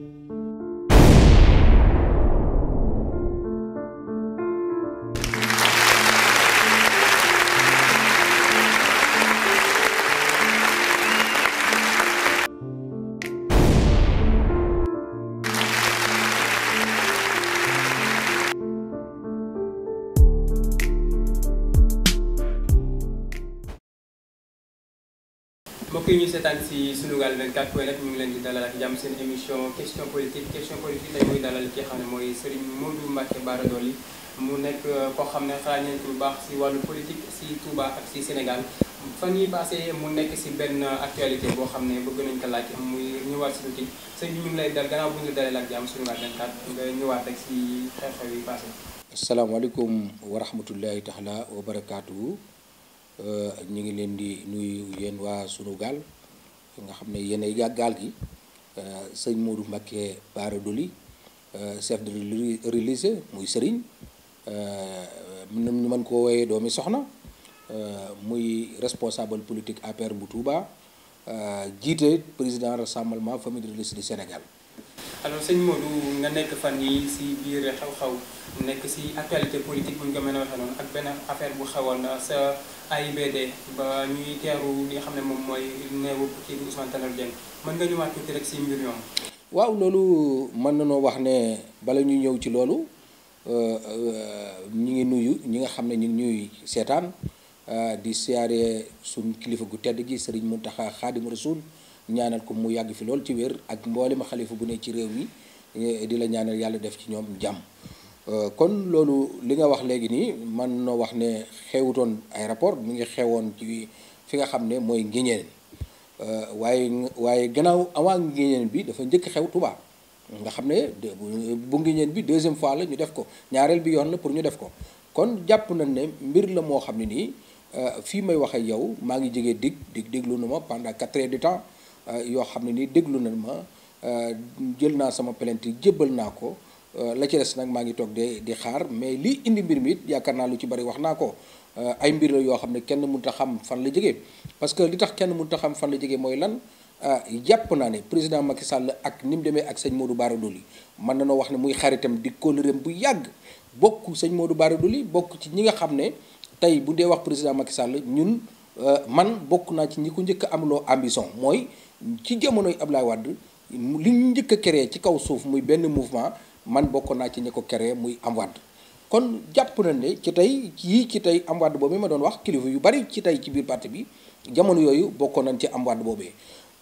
thank you mbokk yi ñu seetaan si Sunugal 24 point net ñu ngi leen di dalal ak jàmm seen émission question politique question politique tey muy dalal ki xam ne mooy Serigne Modou Mbacké Bara Dolly mu nekk euh, koo xam ne xalaat bu baax si wàllu politique si Touba ak si Sénégal fan yi passé mu nekk si benn euh, actualité boo xam ne bëgg nañ ko laaj muy ñëwaat si tuuti sëñ bi ñu ngi lay dal gannaaw bu ñu dalal ak jàmm Sunugal 24 nga ñëwaat rek si xew-xew yi passé asalaamaaleykum wa rahmatullahi taala wa barakaatuhu Euh, ñu ngi leen di nuyu yéen waa sunu gaal nga xam ne yéen ay gaal gi euh, sëñ Modou Mbacké Bara Dolly euh, chef de religieux muy sëriñ ñu mën koo woyee doomi soxna muy responsable politique APR bu Touba jiite président rassemblement famille religieuse du Sénégal alors sëñ Modou nga nekk fan yi si biir xew-xew nekk si actualité politique bu ñu nga mën a waxee noonu ak benn affaire bu xewoon sa AIBD ba ñuy teeru li nga xam ne moom mooy néewu kii di Ousmane mën nga ñëwaat tuuti rek si mbir waaw loolu mën nañoo wax ne bala ñu ñëw ci loolu euh, euh, ñu ngi nuyu ñi nga xam ne ñu ngi ñuy seetaan euh, di siyaare suñ kilifa gu tedd gi mu Mountakha Khadimou Rassoul ñaaneel ko mu yàgg fi loolu ci wér ak mboolem xalifa bu nee ci réew mi eh, di la ñaanal yàlla def ci ñoom jàmm euh, kon loolu li nga wax léegi nii man noo wax ne xewutoon rapport mi ngi xewoon ci fi nga xam ne mooy ngéñeen euh, waaye waaye gannaaw avant ngéñeen bi dafa njëkk xew Touba nga xam ne bu ngéñeen bi deuxième fois la ñu def ko ñaareel bi yoon la pour ñu def ko kon jàpp nañ ne mbir la moo xam ne nii euh, fii may wax ak yow maa ngi jege dig dig diglu nu ma pendant quatre heures de temps Euh, yoo xam ne nii déglu na ma euh, jël naa sama plainte jëbbal naa ko euh, la ci des nag maa ngi toog de di xaar mais lii indi mbir mi it yaakaar naa lu ci bari wax naa ko ay mbir la yoo xam ne kenn mënut a xam fan la jógee parce que li tax kenn mënut a xam fan la jógee mooy lan jàpp naa ne président Macky Sall ak ni mu demee ak sëñ Modou Bara Dolly mën na noo wax ne muy xaritam di kóllëreem bu yàgg bokk sëñ Modou Bara Dolly bokk ci ñi nga xam ne tey bu dee wax président Macky Sall ñun man bokk naa ci ñi ko njëkk amuloo ambition mooy ci jamonoy Ablaye Wade li njëkk a créé ci kaw suuf muy benn mouvement man bokk naa ci ñi ko kere muy am wadd kon jàpp na ne ci tey yii ci tey am wadd boobu ma doon wax kilifa yu bari ci tey ci biir parti bi jamono yooyu bokkoon nañ ci am wadd boobee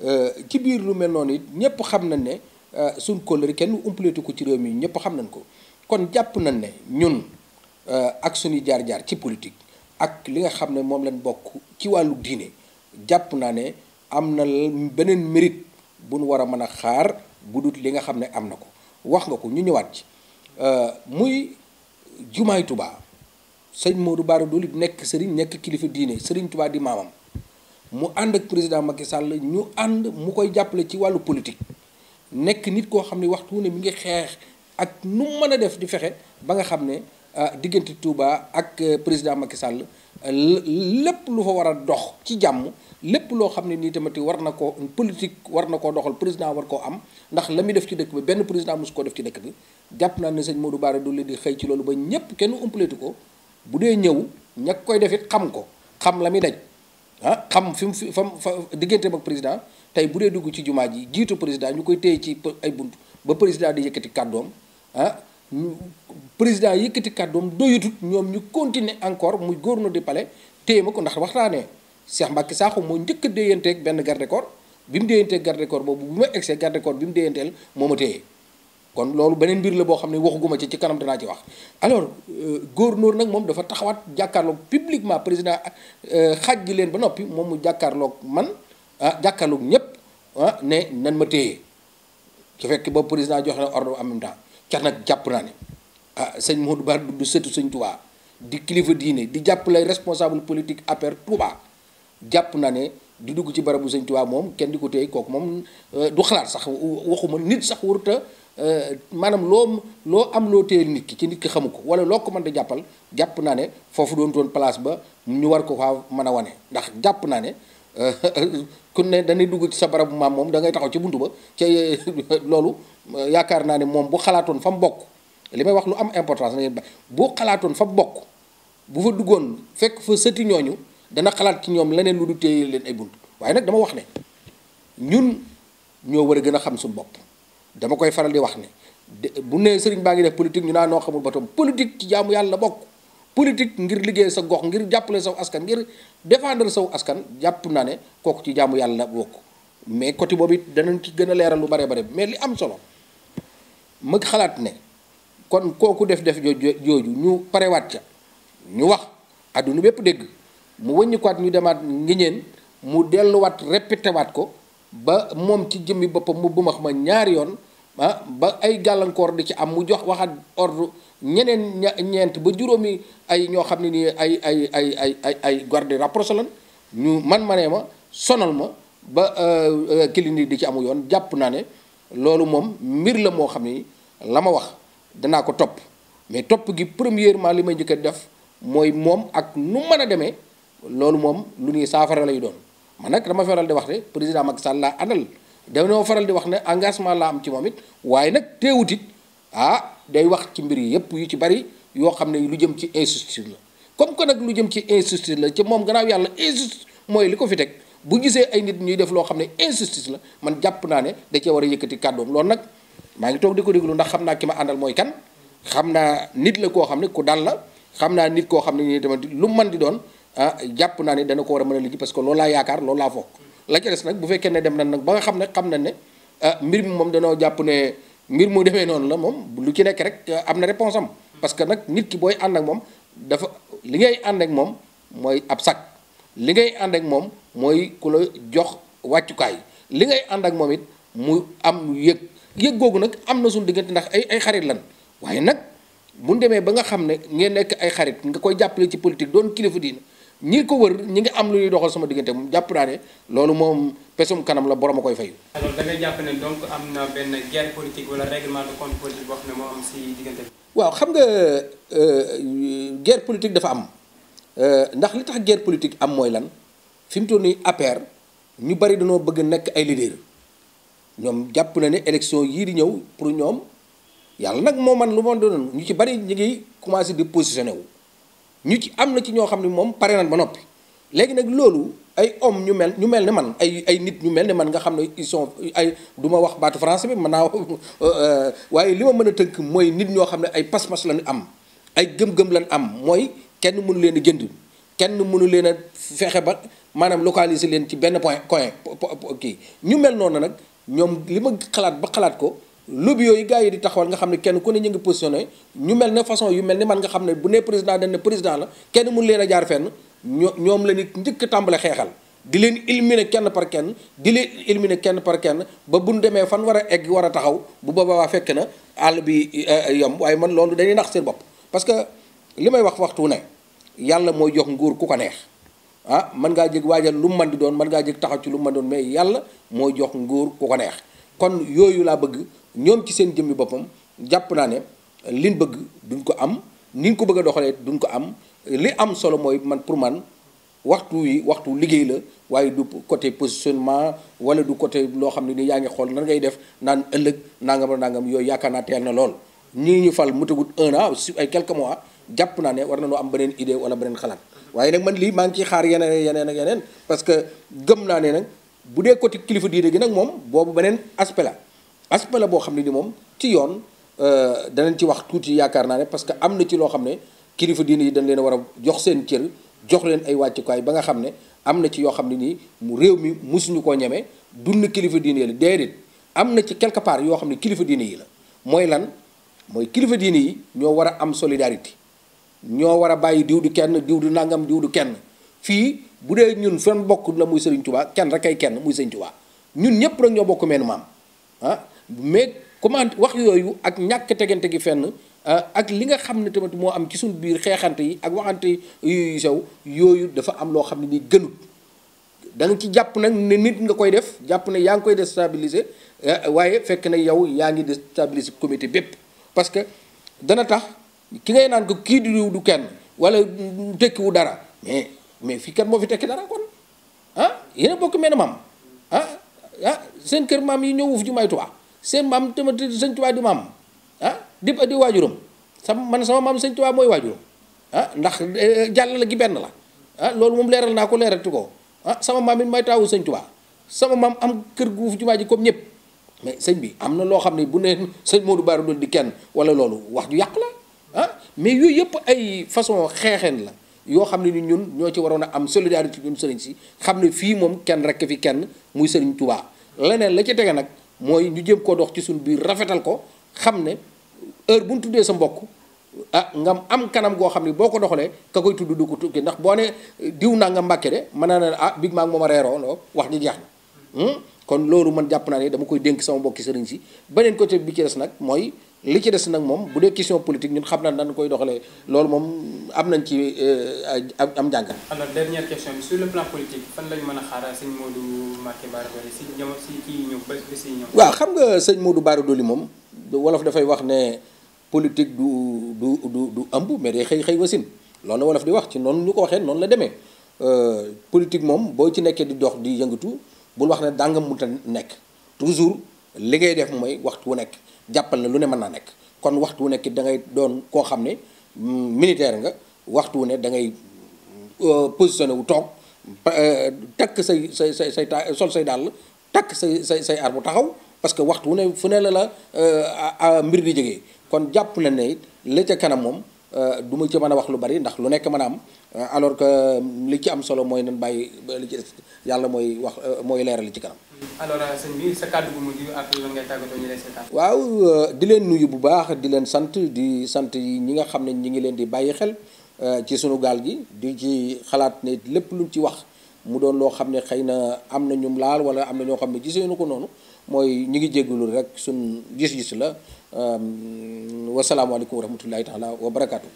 euh, ci biir lu mel noon it ñëpp xam nañ ne euh, suñ kóllëre kenn umpaleetu ko ci réew mi ñëpp xam nañ ko kon jàpp nañ ne ñun euh, ak suñuy jaar-jaar ci politique ak li nga xam ne moom lañ bokk ci wàllu diine jàpp naa ne am na beneen mérite bu nu war a mën a xaar bu dut li nga xam ne am na ko wax nga ko ñu ñëwaat ci euh, muy jumaay Touba sëñ Modou Bara Dolly nekk sëriñ nekk kilifa diine sëriñ Touba di maamam mu ànd ak président Macky Sall ñu ànd mu koy jàppale ci wàllu politique nekk nit koo xam ne waxtu ne mi ngi xeex ak nu mën a def di fexe ba nga xam ne euh, diggante Touba ak euh, président Macky sàll lépp lu fa war a dox ci jàmm lépp loo xam ne nii tamit war na koo politique war na koo doxal président war koo am ndax la muy def ci dëkk bi benn président mosu koo def ci dëkk bi jàpp naa ne sëñ Modou Bara Dolly di xëy ci loolu ba ñëpp kenn umpaletu ko bu dee ñëw ña koy def it xam ko xam la muy daj ah xam fi mu fi fa fa digganteem ak président tey bu dee dugg ci jumaa ji jiitu président ñu koy téye ci ay bunt ba président di yëkkati kàddoom ah. président yëkkati kàddoom doyatut ñoom ñu continuer encore muy gouverneur di pale téye ma ko ndax waxtaanee Cheikh Mbacké Sakho moo njëkk a déyanteeg benn garde bi mu déyanteeg garde boobu bi ma egsee garde corps bi mu déyanteel moo ma kon loolu beneen mbir la boo xam ne waxuguma ci ci kanam danaa ci wax. alors euh, gouverneur nag moom dafa taxawaat jàkkaarloog publiquement président euh, xaaj gi leen ba noppi moom mu jàkkaarlook man ah jàkkaarloog ñëpp ah ne nan ma téye su fekkee boobu président joxe na ordre en même temps ca nag jàpp naa ne. ah sëñ Modou Bara Doum du sëtu sëñ Touba di kilifa diine di jàppale responsable politique APR Touba jàpp na ne di dugg ci barabu sëñ Touba moom kenn di ko téye kooku moom euh, du xalaat sax waxuma nit sax warut a euh, maanaam loo loo am loo téye nit ki ci nit ki xamu ko wala loo ko man a jàppal jàpp naa ne foofu doon toon place ba ñu war ko faa mën a wane ndax jàpp naa ne. Euh, ku ne dañuy dugg ci sa barabu maam moom da ngay taxaw ci buntu ba ca loolu yaakaar naa ne moom bu xalaatoon fa mu bokk li may wax lu am importance ngeen ba boo xalaatoon fa bokk bu fa duggoon fekk fa sëti ñooñu dana xalaat ci ñoom leneen lu du téye leen ay bunt waaye nag dama wax ne ñun ñoo war a gën a xam suñu bopp dama koy faral di wax ne bu ne sëriñ baa ngi def politique ñu naa noo xamul ba tam politique ci jaamu yàlla bokk politique ngir liggéey sa gox ngir jàppale saw askan ngir défendre saw askan jàpp naa ne kooku ci jaamu yàlla bokk mais côté boobu it danañ ci gën a leeral lu bare bare mais li am solo ma xalaat ne kon kooku def def jooju ñu parewaat ca ñu wax àdduna bépp dégg mu wëññikuwaat ñu demaat ngiñeen mu delluwaat répété waat ko ba moom ci jëmmi boppam mu bumax ma ñaari yoon ah, ba ay gàllankoor di ci am mu jox waxaat ordre ñeneen ñeent ba juróomi ay ñoo xam ne nii ay ay ay ay ay ay garde ñu man manee ma sonal ma ba euh, euh, clinique di ci amu yoon jàpp naa ne loolu moom mbir la moo xam ni la ma wax danaa ko topp mais topp gi premièrement li may njëkk def mooy moom ak nu mën a demee loolu moom lu ñuy saafara lay doon man nag dama faral di wax ne président Macky Sall laa àndal dañoo faral di wax ne engagement laa am ci moom it waaye nag teewut it ah day wax ci mbir yi yëpp yu ci bari yoo xam ne lu jëm ci injustice la comme que nag lu jëm ci injustice la ci moom gannaaw yàlla injustice mooy li ko fi teg bu gisee ay nit ñuy def loo xam ne injustice la man jàpp naa ne da war a yëkkati kàddoom loolu nag. maa ngi toog di ko déglu ndax xam naa ki ma àndal mooy kan xam naa nit la koo xam ne ku dal la xam naa nit koo xam ne nii tamit lu man di doon ah jàpp naa ne dana ko war a mën a liggéey parce que loolu laa yaakaar loolu laa foog la ca des nag bu fekkee ne dem na nag ba nga xam ne xam na ne ah, mbir mi moom danoo jàpp ne mbir mu demee noonu la moom lu ci nekk rek ah, am na réponse am parce que nag nit ki booy ànd ak moom dafa li ngay ànd ak moom mooy ab sac li ngay ànd ak moom mooy ku la jox wàccukaay li ngay ànd ak moom it mu am yëg yëg googu nag am na suñu diggante ndax ay ay xarit lan waaye nag bu ñu demee ba nga xam ne ngeen nekk ay xarit nga koy jàppale ci politique doon kilifa diina ñi ko wër ñi ngi am lu ñuy doxal sama diggante moom jàpp loolu moom pesum kanam la borom a koy fay. jàpp ne donc am na benn guerre xam waaw xam nga euh, guerre politique dafa am euh, ndax li tax guerre politique am mooy lan fi mu toll nii APR ñu bari danoo bëgg nekk ay leader. ñoom jàpp na ne élection yii di ñëw pour ñoom yàlla nag moo man lu ma doon ñu ci bari ñu ngi commencé di wu ñu ci am na ci ñoo xam ne moom pare nañ ba noppi léegi nag loolu ay homme ñu mel ñu mel ne man ay ay nit ñu mel ne man nga xam ne ils ay du ma wax baatu français bi mën naa euh, waaye li ma mën a tënk mooy nit ñoo xam ne ay pas-pas lañ am ay gëm-gëm lañ am mooy kenn mënu leen a jënd kenn mënu leen a fexe ba maanaam localiser leen ci benn point coin kii ñu mel noonu nag ñoom li ma xalaat ba xalaat ko lobby yooyu gars yi di taxawal nga xam ne kenn ku ne ñu ngi positionné ñu mel ne façon yu mel ni man nga xam ne bu ne président dañ ne la kenn mun leen a jaar fenn ñoo ñoom la nit njëkk a tàmbale xeexal di leen éliminer kenn par kenn di leen éliminer kenn par kenn ba bu ñu demee fan war a egg war a taxaw bu boobaa fekk na àll bi eh, eh, yom waaye man loolu dañuy nax seen bopp parce que li may wax waxtu ne yàlla mooy jox nguur ku ko neex. ah mën ngaa jëg waajal lu mu mën di doon mën ngaa jëg taxaw ci lu mu mën doon mais yàlla mooy jox nguur ku ko neex kon yooyu laa bëgg ñoom ci seen jëmmi boppam jàpp naa ne liñ bëgg duñ ko am ni ñu ko bëgg a doxalee duñ ko am li am solo mooy man pour man waxtu waxtu liggéey la waaye du côté positionnement wala du côté loo xam ne ni yaa ngi xool nan ngay def naan ëllëg nangam ak nangam yooyu yaakaar naa na lool ñii ñu fal mu tagut un ay quelques mois jàpp naa ne war na noo am beneen idée wala beneen xalaat waaye nag man lii maa ngi ciy xaar yeneen yeneen ak parce que gëm naa ne nag bu dee côté kilifa diine gi nag moom boobu beneen aspect aspela boo xam ne ni moom ci yoon euh, danañ ci wax tuuti yaakaar naa ne parce que am na ci loo xam ne kilifa diine yi dañ leen war a jox seen cër jox leen ay ba nga xam ne am na ci yoo xam ne nii mu réew mi musuñu koo ñeme dund kilifa diine yi am na ci quelque part yoo xam ne kilifa diine yi la mooy lan mooy kilifa diine yi ñoo war a am solidarité ñoo war a bàyyi diw du kenn diw du nangam diw du kenn fii bu dee ñun fan bokk na muy Serigne Touba kenn rek ay kenn muy Serigne Touba ñun ñëpp rek ñoo bokk meen maam ah mais comment wax yooyu ak ñàkk tegante gi fenn ah, ak li nga xam ne tamit moo am ci suñu biir xeexante yi ak waxante yi sew yooyu dafa am loo xam ne nii gënut da ci jàpp nag ne nit nga koy def jàpp ne yaa ngi koy déstabiliser eh, waaye fekk na yow yaa ngi déstabiliser comité bépp parce que dana tax. ki ngay naan ko kii du di du kenn wala tekkiwu dara mais mais fii kat moo fi tekki dara kon ah yéen a bokk mel maam ah ah seen kër maam yi ñëwuf ju may Tuubaa seen maam tamit sëñ Tuubaa di maam ah di di waajuram sama man sama maam sëñ Tuubaa mooy waajuram ah ndax eh, jàll la gi benn la ah loolu moom leeral naa ko leeralati ko ah sama maam may taawu sëñ Tuubaa sama maam am kër gu uf jumaa ji comme ñëpp mais sëñ bi am na loo xam ne bu neen sëñ du bari Dolly di kenn wala loolu wax ju yàq la mais yooyu yëpp ay façon xeexeen la yoo xam ne ni ñun ñoo ci waroon a am solidarité ñun sëriñ si xam ne fii moom kenn rek fi kenn muy sëriñ Touba leneen la ci tege nag mooy ñu jëm ko dox ci suñu biir rafetal ko xam ne heure bu ñu tuddee sa mbokk ah nga am kanam goo xam ne boo ko doxalee ka koy tudd du ko tukki ndax boo ne diw naa nga mbàkke de mën naa ne ah big maag moom a reeroo loo wax ni jeex na hmm? kon loolu man jàpp naa ne dama koy dénk sama mbokki sëriñ si beneen côté bi nag mooy li ci des nag moom bu dee question politique ñun xam naa nan koy doxalee loolu moom am nañ ci euh, am jàng alors dernière question bi le plan fan lañ mën a xaaral sëñ Modou Mbacké Bara Dolly si kii ñëw ba xam nga sëñ Modou Bara Dolly moom wolof dafay wax ne politique du du du du ëmb mais day xëy xëy wasin loolu wolof di wax ci noonu ñu ko waxee noonu la demee euh, politique moom boo ci nekkee di dox di yëngatu bul wax ne dàngam mu ta nekk toujours li ngay def mooy waxtu wu nekk. jàppal na lu ne mën naa nekk kon waxtu wu nekk da ngay doon koo xam ne mm, militaire nga waxtu wu ne da ngay euh, positionné wu toog euh, takk say say say say sol say dàll takk say say say bu taxaw parce que waxtu wu ne fu ne la la euh, mbir di jógee kon jàpp na ne la ca kanam moom du ma ci mën a wax lu bari ndax lu nekk mën a am alors que li ci am solo mooy nan bàyyi yàlla mooy wax mooy leeral li ci kanam. alors euh, sëñ bi sa kàddu gu waaw euh, di leen nuyu bu baax di leen sant di sant ñi nga xam ne ñi ngi leen di bàyyi xel euh, ci sunu gaal gi di ci xalaat ne lépp luñ ci wax mu doon loo xam ne xëy na am na ñum laal wala am na ñoo xam ne gisee na ko noonu mooy ñi ngi jégalu rek suñ gis-gis la wasalaamualeykum wa rahmatullahi taala wa barakaatu.